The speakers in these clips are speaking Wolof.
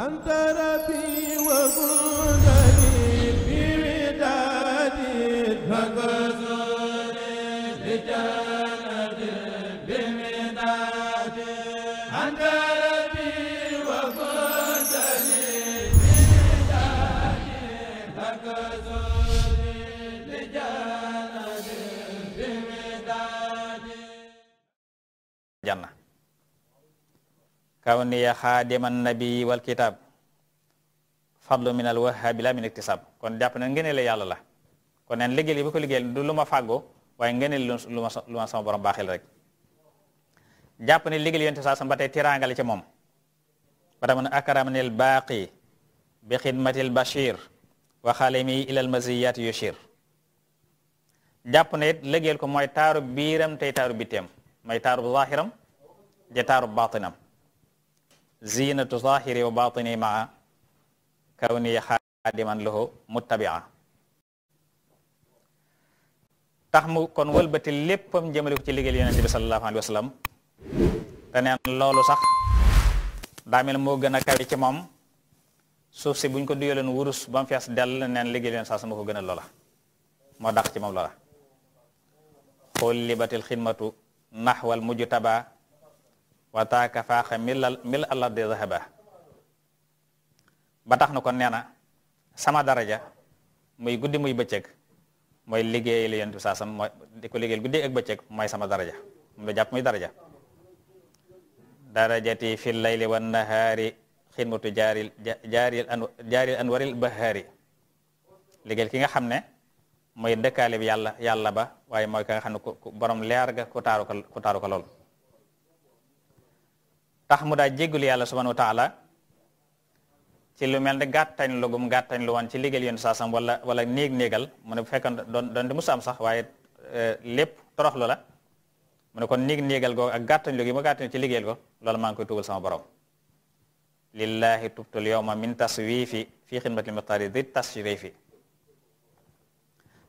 anta rabbi wa kawniya xaadiman nabi wal kitab fadlu min al la min iktisab kon jàpp na ngëneel la yàlla la kon neen liggéey li bi ko liggéeyal du lu ma fàggoo waaye ngëneel lu ma lu ma sama borom baaxil rek jàpp ne liggéey yonent saa sam ba tey tiraanga la ci ne akramnil bi xidmatil bashir wa xalimi ilal maziyat yushir jàpp ne it ko mooy taaru biiram tey taaru bitteem mooy taaru zahiram te taaru batinam zinatu zahiri wa batini maa kawni xaadiman lahu muttabia tax mu kon wëlbati léppam jëmale ko ci liggéeyal yonente bi sallallahu alayhi wa sallam te neen loolu sax daa mel moo gën a kawe ci moom suuf si buñ ko duyaloon wurus ba mu dell neen liggéeyal yoon saa sama ko gën a loola moo dàq ci moom loola xullibatil xidmatu naxwal mujtaba wataaka faaxa mil mil allardi zahaba ba tax na kon nee na sama daraja muy guddi muy bëccëg mooy liggéey li yonent bi saa sam mooy di ko ak bëccëg mooy sama daraja mu la jàpp muy daraja darajati fi layli wan nahaari xidmatu jaaril jaaril an jaaril anwaril bahaari liggéeyal ki nga xam ne mooy dëkkaale bi yàlla yàlla ba waaye mooy ka nga xam ne ku borom leer ga ku taaru ko lool tax mu daa jéggul yàlla subhanahu wa taala ci lu mel ne gàttañ lu gum gàttañ lu woon ci liggéeyal yonent saa sam wala wala néeg néegal mu ne doon doon di musa am sax waaye eh, lépp toroxlu la mu ne kon néeg néegal googu a gàttañ lu gi ma gàttañ ci liggéeyal ko loolu maa ngi koy tugal sama borom lillahi tubtul yawma min taswifi fi xidmatil muxtaari di tasrifi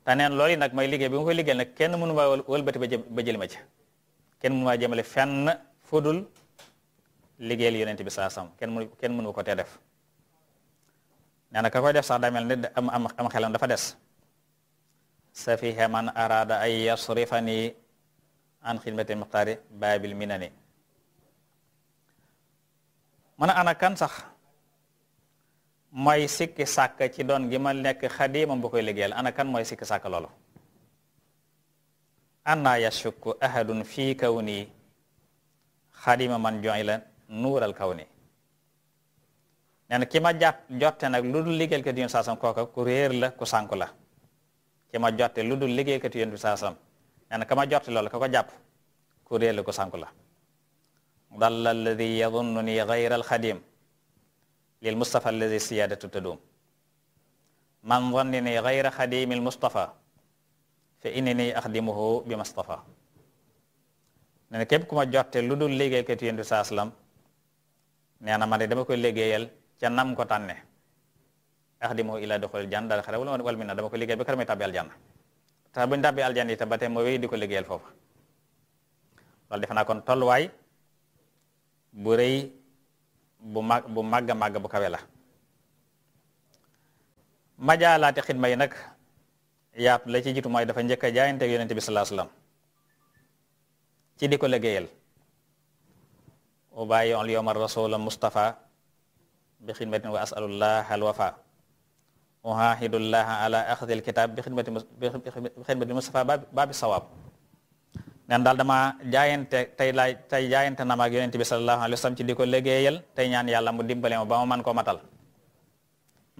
te neen loolu yi nag mooy liggéey bi ma koy liggéeyal nag kenn mënu maa wëlbati ba jël ma ci fenn fudul liggéeyal yonent bi saa sam kenn mënu kenn mënu ko te def nee na ka koy def sax daa mel ni am am am xelam dafa des safiha man araada ay yasrifani an xidmati muxtaari baabil minani mën a ana kan sax mooy sikki sàkk ci doon gi ma nekk xadimam bu koy liggéeyal ana mooy sikki sàkk loolu anna yashukku ahadun fi kawni xadima man joila nuural kaw ni nee na ma jàpp jotte nag lu dul liggéeykat yonent saasam kooka ku réer la ku sànku la ki ma jotte lu dul liggéeykat yonent saasam nee na ka ma jotte loolu ka ko jàpp ku réer la ku la dalla alladi yadunnu ni gayra alxadim lil mustapha alladi siyadatu tadum man zanni ni gayra xadimi almustapha fa inni ni bi mustapha nee na képp ku ma jotte lu dul liggéeykat yonent saasam nee na ma dama koy liggéeyal ca nam ko tànne axdimu ila duxulil janna daal xare wala wal minna dama koy liggéeyal ba kër may tàbbi aljanna te buñu ba tey ma wéy di ko liggéeyal foofu loolu kon tolluwaay bu rëy bu mag bu màgg a màgg bu kawe la majaalaati xidma yi nag yaatu la ci jiitu mooy dafa njëkk a jaayante yonente bi salaa salaam ci di ko liggéeyal ubaayi on yowma rasula mustafa bi xidmatin wa asalullah alwafa uhahidullah ala axdil kitab bi xidmati bi xidmati mustafa baabi sawaab daal dama jaayante tey laay tey jaayante na maag yonente bi sallallahu alayhi ci di ko liggéeyal tey ñaan yàlla mu dimbale ma ba man ko matal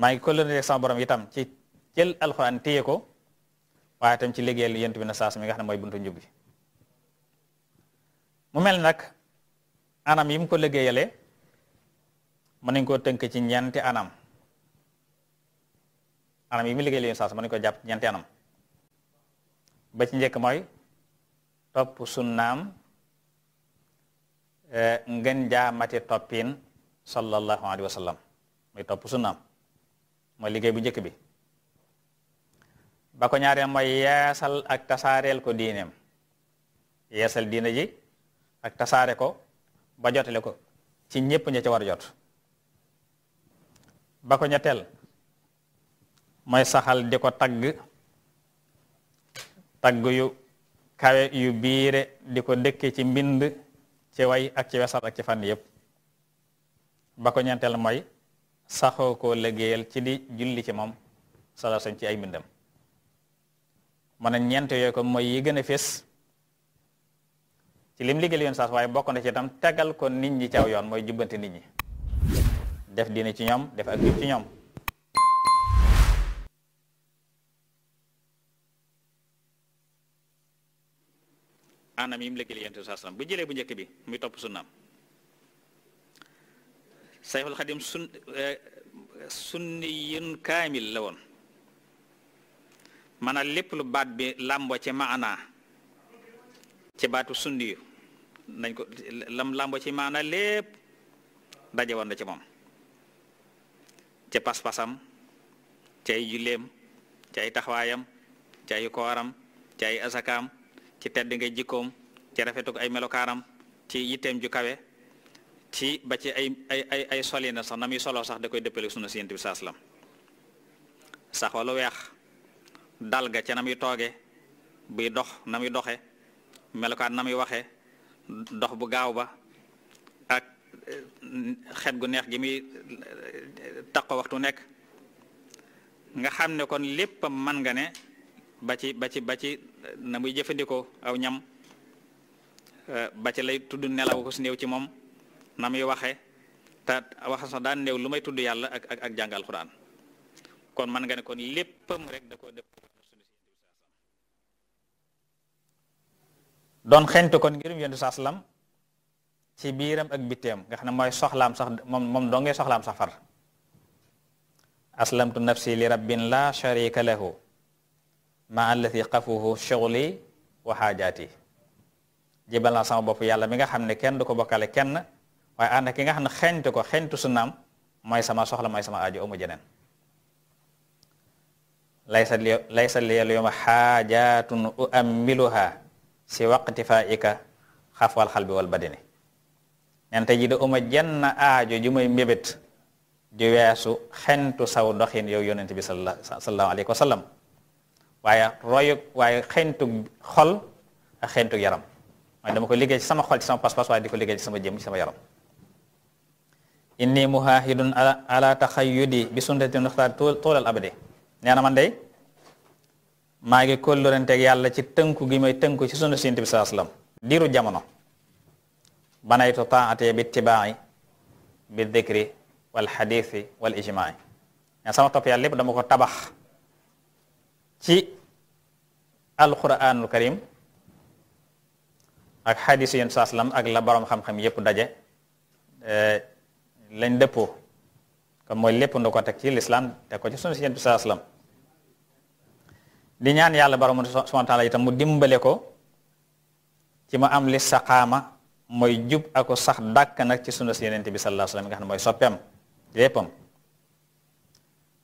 maa ngi kóllëre sama borom itam ci jël alxuraan téye ko waaye ci liggéeyal yonente bi na saas mi nga xam ne buntu njub mu mel nag anam yi mu ko liggéeyale mën nañ koo tënk ci ñeenti anam anam yi mu liggéeyale yoon saas mën ko jàpp ci anam ba ci njëkk mooy topp sunnaam eh, ngën jaa mati toppin sallallahu alayhi wa sallam muy topp sunnaam mooy liggéey bu njëkk bi bako ko ñaareel yeesal ak tasaareel ko diineem yeesal diine ji ak tasaare ko ba jotale ko ci ñépp ña ca war jot ba ko ñetteel mooy saxal di ko tagg tagg yu kawe yu biire di ko dëkk ci mbind ci way ak ci wesal ak ci fànn yépp ba ko ñeenteel mooy saxoo koo liggéeyal ci di julli ci moom sala sañ ci ay mbindam mën a ñeent ko mooy yi gën ci lim liggéey yoon saas waaye bokk na ci itam tegal ko nit ñi ci aw yoon mooy jubbanti nit ñi def dina ci ñoom def ak jub ci ñoom anam yi mu liggéey yoon saas bu jëlee bu njëkk bi muy topp sunnaam sayxul xadim sun eh, sunniyun kaamil la woon maanaam lépp lu baat bi làmbo ci maanaa ci baatu sundiyu nañ ko lam lambo ci maana lépp daje woon ci moom ci pas-pasam ci ay julleem ci ay taxawaayam ci ay kooram ci ay asakaam ci tedd nga jikkoom ci rafetuk ay melokaaram ci yitteem ju kawe ci ba ci ay ay ay ay solina sax na muy sax da koy dëppale sunu si yent bi saa sax walu weex dal ga ca na muy tooge buy dox na muy doxe melokaan na muy waxee dox bu gaaw ba ak eh, xet gu neex gi muy eh, taqo waxtu nekk nga xam ne kon lépp man nga ne ba ci ba ci ba ci eh, na muy jëfandikoo aw ñam ba ci lay tudd nelaw ko su néew ci moom na muy waxe te waxa sax daan néew lu may tudd yàlla ak ak jàngal Alxuraan kon man nga ne kon léppam rek don xentu kon ngirum yonent saa salaam ci biiram ak bitteem nga xam ne mooy soxlaam sax moom moom doo ngay soxlaam sax far aslamtu nafsi li rabbin la sharika lahu ma allati qafuhu shughli wa xaajaati jibal naa sama bopp yàlla mi nga xam ne kenn du ko bokkale kenn waaye ànd ki nga xam ne xentu ko xentu sunnaam mooy sama soxla mooy sama aajo amu jeneen laysa li laysa li yawma xaajatun uammiluha si waqti fa ika xafwal xal bi wal badini nen tey ji da uma jenn aajo ju may mbébét ju weesu xentu saw doxin yow yonent bi sallallahu alayhi wa sallam waaye royu waaye xentu xol ak xentu yaram mooy dama ko liggéey sama xol ci sama pas-pas waaye di ko liggéey sama jëm sama yaram inni muhaahidun ala taxayyudi bi sunnatin nuxtaar tuulal abadi nee na maa ngi kóllëranteeg yàlla ci tënku gi may tënku ci sunu sinti bi saa salaam diiru jamono banaytu taatee bi tibaai bi dikri wal xadiisi wal ijmaai mais sama topp yàlla lépp dama ko tabax ci alquranul karim ak xadiis yéen saa salaam ak la borom xam-xam yépp daje eh, lañ dëppoo kon mooy lépp nda ko teg ci lislaam teg ko ci sunu sinti bi saa salaam di ñaan yàlla borom subhaanahu wa taala itam mu dimbale ko ci ma am li saqaama mooy jub ako sax dàkk nag ci sunna si yonent bi sallallahu alayhi nga xam ne mooy soppeem léppam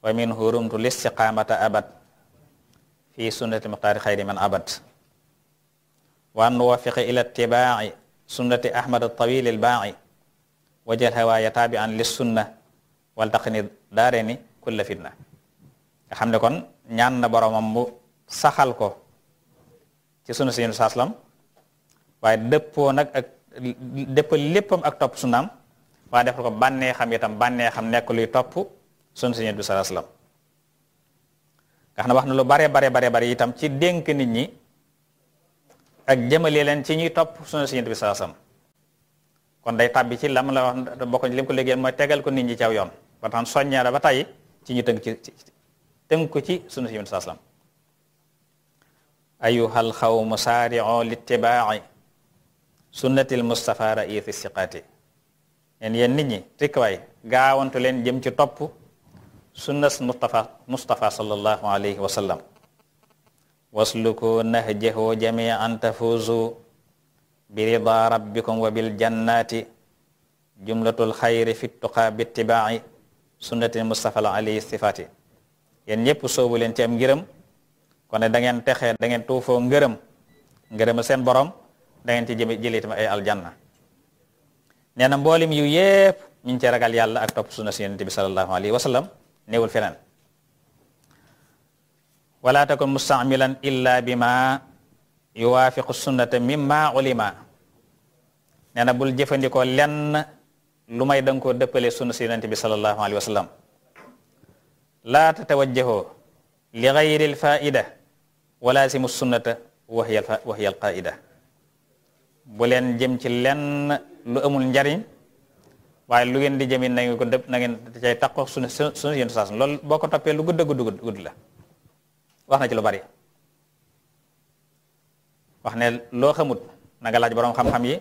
wa min hurumtu listiqaamata abad fi sunnati muxtaari xayri man abad wa an nuwafiqa ila ittibaaci sunnati ahmad altawil albaaci wajal fitna nga kon ñaan na boromam bu saxal ko ci sunu si saa salaam waaye dëppoo nag ak dëppal léppam ak topp sunaam waaye defal ko bànneexam xam itam bànnee xam nekk luy topp sunu si bi saa salaam nga xam ne wax na lu bare bare bare bare itam ci dénk nit ñi ak jëmale leen ci ñuy topp sunu si bi saa salaam kon day tàbbi ci lam la wax bokk lim ko léegi mooy tegal ko nit ñi ci aw yoon ba tax soññee la ba tey ci ñu tënk ci tënk ko ci sunu si bi saa salaam أيها القوم سارعوا لاتباع سنة المصطفى رئيس الثقات yéen yéen nit ñi rikwaay gaawantu leen jëm ci topp sunnas Mustafa Mustafa sallallahu alayhi wa sallam wasluku nahjahu jamian tafuzu bi rida sifaati yéen ñëpp soobu leen ci am kon da ngeen texee da ngeen tuufoo ngërëm ngërëm seen borom da ngeen ci jëme jëlee tamit ay aljanna nee na mboolim yu yépp ñu ngi ci ragal yàlla ak topp sunna si yonente bi sallallahu alayhi wa sallam néewul feneen wala takun mustamilan illa bima yuwaafiqu sunnata mimma ulima nee na bul jëfandikoo lenn lu may da nga koo dëppale sunna si bi sallallahu alayhi wa sallam laa tatawajjahoo li faida walaasimu sunnata wa hiya alqaida bu leen jëm ci lenn lu amul njariñ waaye lu ngeen di jëmin na ngeen ko dëpp na ngeen cay taqoo sunu sunu yéen saas boo ko toppee lu gudd a gudd gudd la wax na ci lu bari wax ne loo xamut naga laaj boroom xam-xam yi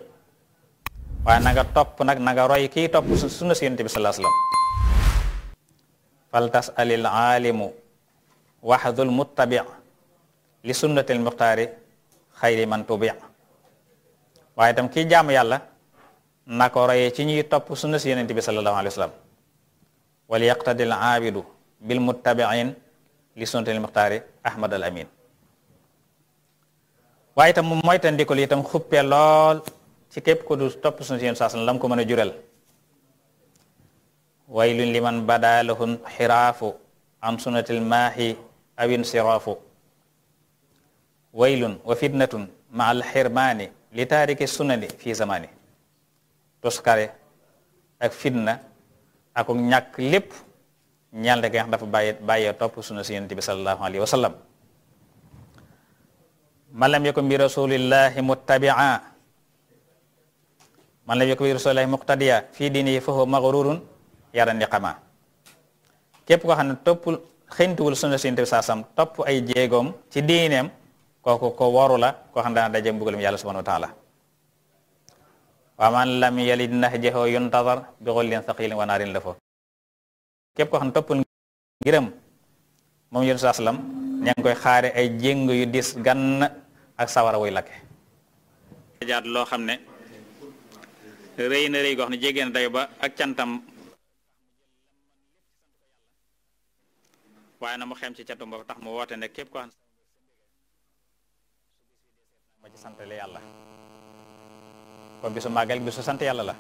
waaye naga nga topp nag na nga roy kii topp sunna si yonent bi sallallahu alayhi wasallam fal tas alil aalimu waxdul li sunnatil muxtaari xayri man tubi waaye itam kii jaamu yàlla na ko royee ci ñuy topp sunna si yonent bi sallallahu alayhi wa sallam wal yaqtadi al aabidu bil muttabiin li sunnatil muxtaari ahmad al amin waaye itam mu moytandiku li itam xuppe lool ci képp ku du topp sunna si yonent saa lam ko mën a jural waylun liman bada lahum xiraafu an sunnatil maahi awin siraafu waylun wa fitnatun ma alxirmaani li taariki sunani fii zamani toskare ak fitna ak ñàkk lépp ñal de nga xam dafa bàyyi bàyyee topp sunna si yonente bi salallahu alayhi wa sallam man lam yakun bi rasulillahi muttabia man lam fa huwa maghrurun yara niqama képp koo xam ne toppul xëntuwul sunna si yonente bi saa topp ay jéegoom ci diineem kooku ko waru la xam ne dana daje mbugalum yàlla subhanahu wa taala wa man lam yalid nahjahu yuntazar bi xullin saqilin la fo képp koo xam ne toppul ngirëm moom yonent saa sallam koy xaare ay jéng yu dis gann ak sawara wuy lakke jaat loo xam ne rëy na rëy xam ne jégeen dayo ba ak cantam waaye na mu xem ci cantum ba tax mu woote ne képp koo xam dafa ci santale yàlla kon bisu màggal bisu sant yàlla la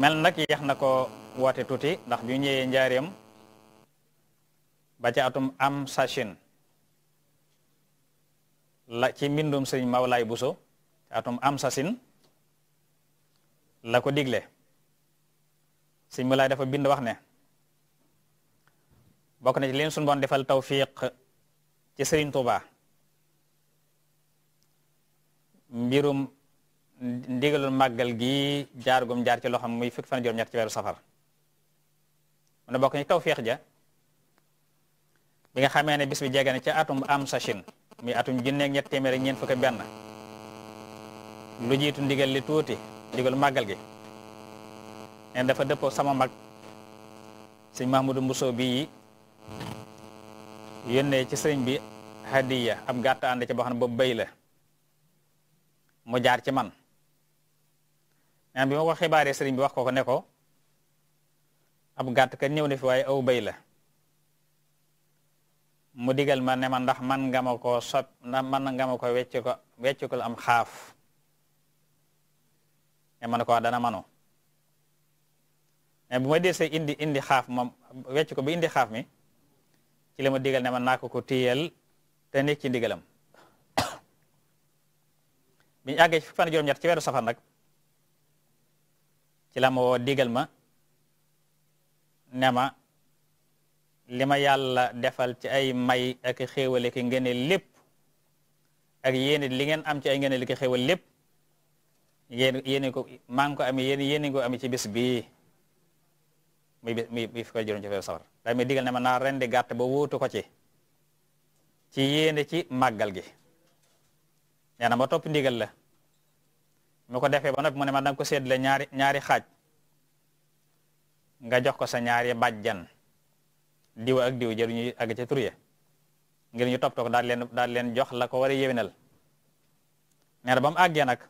mel nag yeex na ko woote tuuti ndax bi ñëwee njaareem ba ca atum am sachin la ci mbindum sëriñ Mawlaay Buso atum am sachin la ko digle sëriñ Mawlaay dafa bind wax ne bokk na ci leen suñu bon defal tawfiq ci sëriñ Tuuba mbirum ndigalul màggal gi jaar jaar ci loxam muy fukki fan juróom ñett ci weeru safar mun na bokk na ci tawfiq ja bi nga xamee ne bis bi jege na ca atum am sachin muy atum junneeg ñett téeméer ak ñeent fukk benn lu jiitu ndigal li tuuti ndigal màggal gi neen dafa dëppoo sama mag sëñ Mahmoudou Mbuso bii yónnee ci sëriñ bi hadiya ab gàtt ànd ci boo xam ne boobu béy la mu jaar ci man naan bi moo ko xibaaree sëriñ bi wax ko ko ne ko ab gàtt ka ñëw na fi waaye aw béy la mu digal ma ne ma ndax man nga ma koo sop ndax man nga ma ko wecc ko la am xaaf ne ma ne ko wax ah, dana mano mais bu ma desee indi indi xaaf moom wecc ko bi indi xaaf mi ci la ma digal ne ma naa ko ko téyel te nekk ci ndigalam biñu àggee ci fan juróom safar nag ci la ma woo digal ma ne ma li ma yàlla defal ci ay may ak xéewale ki ngene lépp ak yéen li ngeen am ci ay ngene li ki xéewal lépp yéen yéen ko maa ngi ko amee yéen yéen ko amee ci bis bii muy muy muy fukki juróom ci weeru safar daa may digal ne ma naa rendi gàtt ba wóotu ko ci ci yéene ci màggal gi nee na ma topp ndigal la mu ko defee ba noppi mu ne ma danga ko séddale ñaari ñaari xaaj nga jox ko sa ñaari bàjjan diw ak diw jëruñu àgg ca tur ya ngir ñu toppatoo ko daal leen daal leen jox la ko war a yéwénal nee na ba mu àggee nag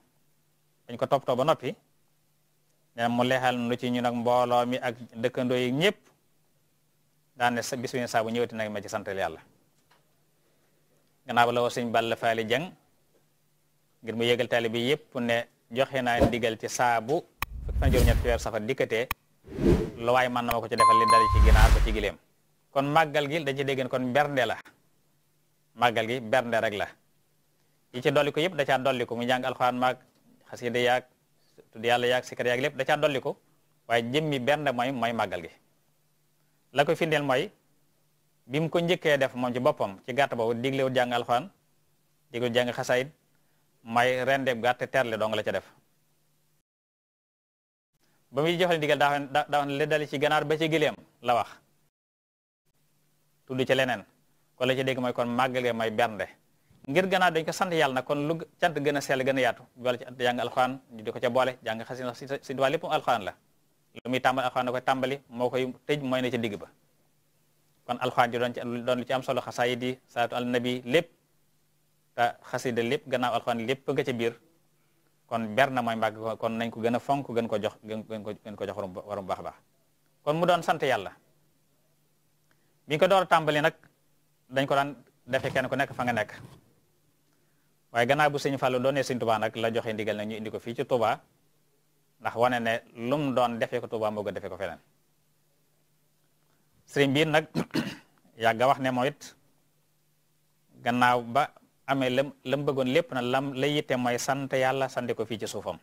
dañ ko toppatoo ba noppi nee mu leexal nu ci ñun ak mbooloo mi ak dëkkandoo yi ñëpp daan ne bis bi saa bu ma ci santal yàlla gannaaw la woo sëñ Balla Faali Jang ngir mu yëgal taalibe bi yëpp ne joxe naa ndigal ci saabu fukki fan juróom ñetti weer safar dikkatee lu waay mën na ma ko ci defal li dal ci ginaar ba ci kon màggal gi da ci dégg kon bernde la màggal gi bernde rek la yi ci dolli ko yëpp da caa dolli mu jàng alxuraan maag xasida yaag tudd yàlla yaag sikar yaag lépp da caa dolli ko waaye jëmmi benn mooy mooy màggal gi la ko firndeel mooy bi mu ko njëkkee def moom ci boppam ci gàtt boobu digle wut jàng alxuraan digle wut jàng xasaayid may rendeb gàtt terle dong la ca def ba muy joxale digal daa daa le dali ci ganaar ba ci gileem la wax tudd ci leneen ko la ci dégg mooy kon màggal gi mooy bernde ngir gannaaw dañ ko sant yàlla nag kon lu cant gën a sell gën yaatu boole ci jàng di ko ca boole jàng xasi na si waa lépp alxuraan la lu muy tàmbali alxuraan tàmbali moo koy tëj mooy ne ca digg ba kon alxuraan ji doon ci doon ci am solo xasaayid di salaatu al nabi lépp te xasida lépp gannaaw alxuraan lépp nga ca biir kon ber na mooy mbàgg kon nañ ko gën a fonk gën ko jox gën ko gën ko jox warum baax baax kon mu doon sant yàlla biñ ko door a tàmbali nag dañ ko daan defee kenn ku nekk fa nga nekk waaye gannaaw bu sëñ Fallou doonee sëñ Touba nag la joxe ndigal na ñu indi ko fii ci Touba ndax wane ne lu doon defee ko Touba moo gën defee ko feneen sëriñ bi nag yàgga wax ne moom it gannaaw ba amee lam lam bëggoon lépp na lam la yitte mooy sant yàlla sante ko fii ci suufam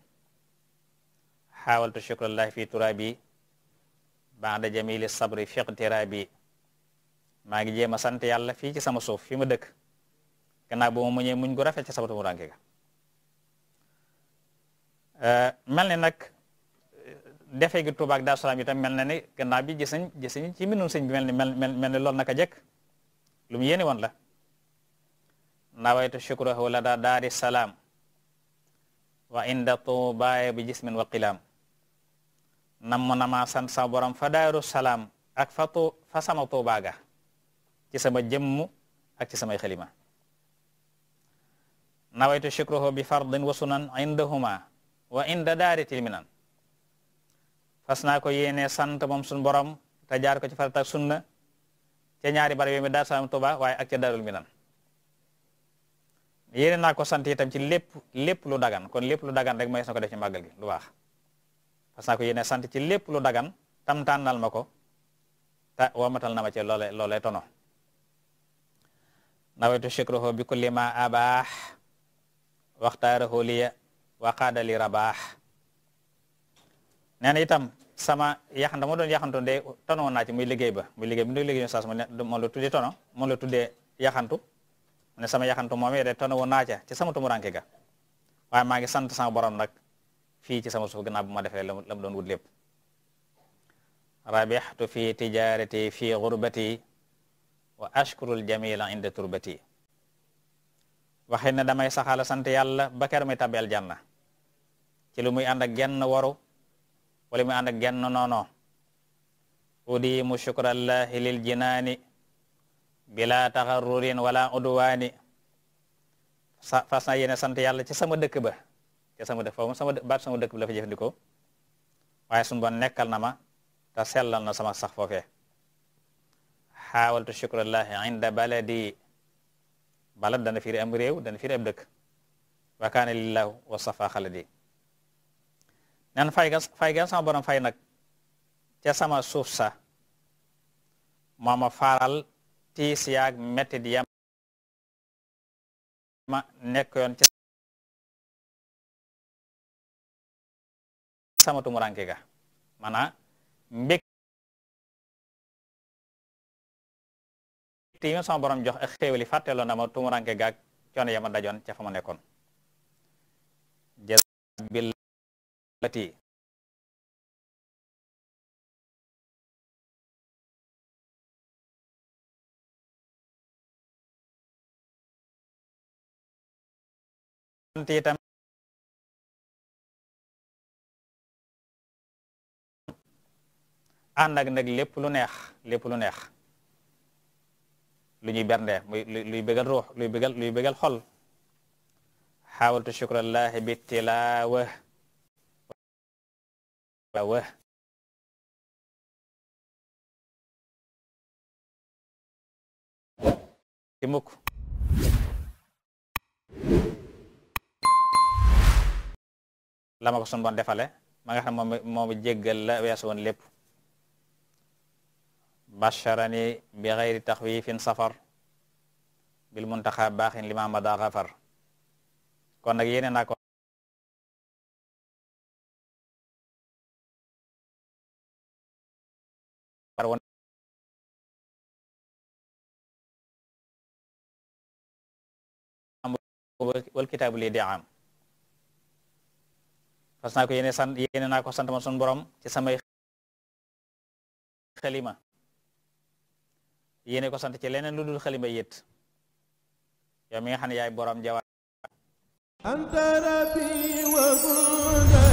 xaawaltu shukrallahi fii turaabi baada jamili sabri fiqtira bi maa ngi jéem a sant yàlla fii ci sama suuf fi ma dëkk gannaaw ba mu muñee muñ gu rafet ci sabatu mu ranke eh, mel ni nag eh, defe gi Tuubaa ak Daaru Salaam itam mel na ni gannaaw bi gis nañ gis nañ ci mbindum mel ni mel mel ni loolu naka jekk lu mu yéene woon la nawaytu shukruhu lada daari salaam wa inda tuubaaya bi jismin wa qilaam nam mu nama sant sa borom fa daaru salaam ak fa tu fa sama tuubaaga ci sama jëmm ak ci samay xalima nawaytu shukruhu bi fardin wa sunan indahuma wa inda daari tilminan fas naa ko yéenee sant moom suñu borom te jaar ko ci farata ak sunna ca ñaari barab yi mi daar salaam tuba waaye ak ca daarul minan yéene naa ko sant itam ci lépp lépp lu dagan kon lépp lu dagan rek mayees na ko def gi lu baax fas naa yéene sant ci lépp lu dagan tam tànnal ma ko ta wamatal na ma ci loole loole tono nawaytu shukruhu bi kulli ma abaax waxtaarahu liya waqaada li rabaax nee na itam sama yaxan dama doon yaxantu de tono woon naa ci muy liggéey ba mu liggéey bi muy liggéey saas moom la tuddee tono moom la tuddee yaxantu ne sama yaxantu moomee de tono woon naa ci sama tumuranke ga waaye maa ngi sant sama borom nag fii ci sama suuf gannaaw bu ma defee la mu doon wut lépp rabixtu fi tijarati fi gurbati wa ashkuru aljamila inda turbati waxit ne damay saxaala sant yàlla ba ker muy tabeel janna ci lu muy ànd genn waru wala muy ànd ak genn noono udiimu shukrallahi lil bila taxarrurin wala udwaani fas naa yéene sant yàlla ci sama dëkk ba ci sama dëkk foofu sama baat sama dëkk bi la fa jëfandikoo waaye suñu bon nekkal na ma te sellal na sama sax foofee xaawaltu shukrallahi inda baladi balad dana fiir am réew dana firi ab dëkk wa kaana lillaahu wasafa xaladi nan fay ga fay ga sama fay nag ca sama suuf sa mooma faaral tiis yaag metti yam ma nekkoon ca sama tumuranke ga mana mbég te yi ma sama borom jox ak xéewali fàtteeloo na ma tumuranke gaag coono ya ma dajoon ca fa ma nekkoon billati itam ànd lépp lu neex lépp lu neex lu ñuy bernde muy luy bégal ruux luy bégal luy xol xawaltu shukrallaahi bi tilaawa wa ci mukk ko sun boon defale ma nga moom moomu la weesu woon lépp basharani bi xayri taxwifin safar bil muntaxa baaxin lima mada xafar kon nag yéene naa ko wal am sant yéene naa ko xelima yéene ko sant ci leneen lu dul xalima yët yow mi nga xam ne yaay borom jawaar anta rabbi wa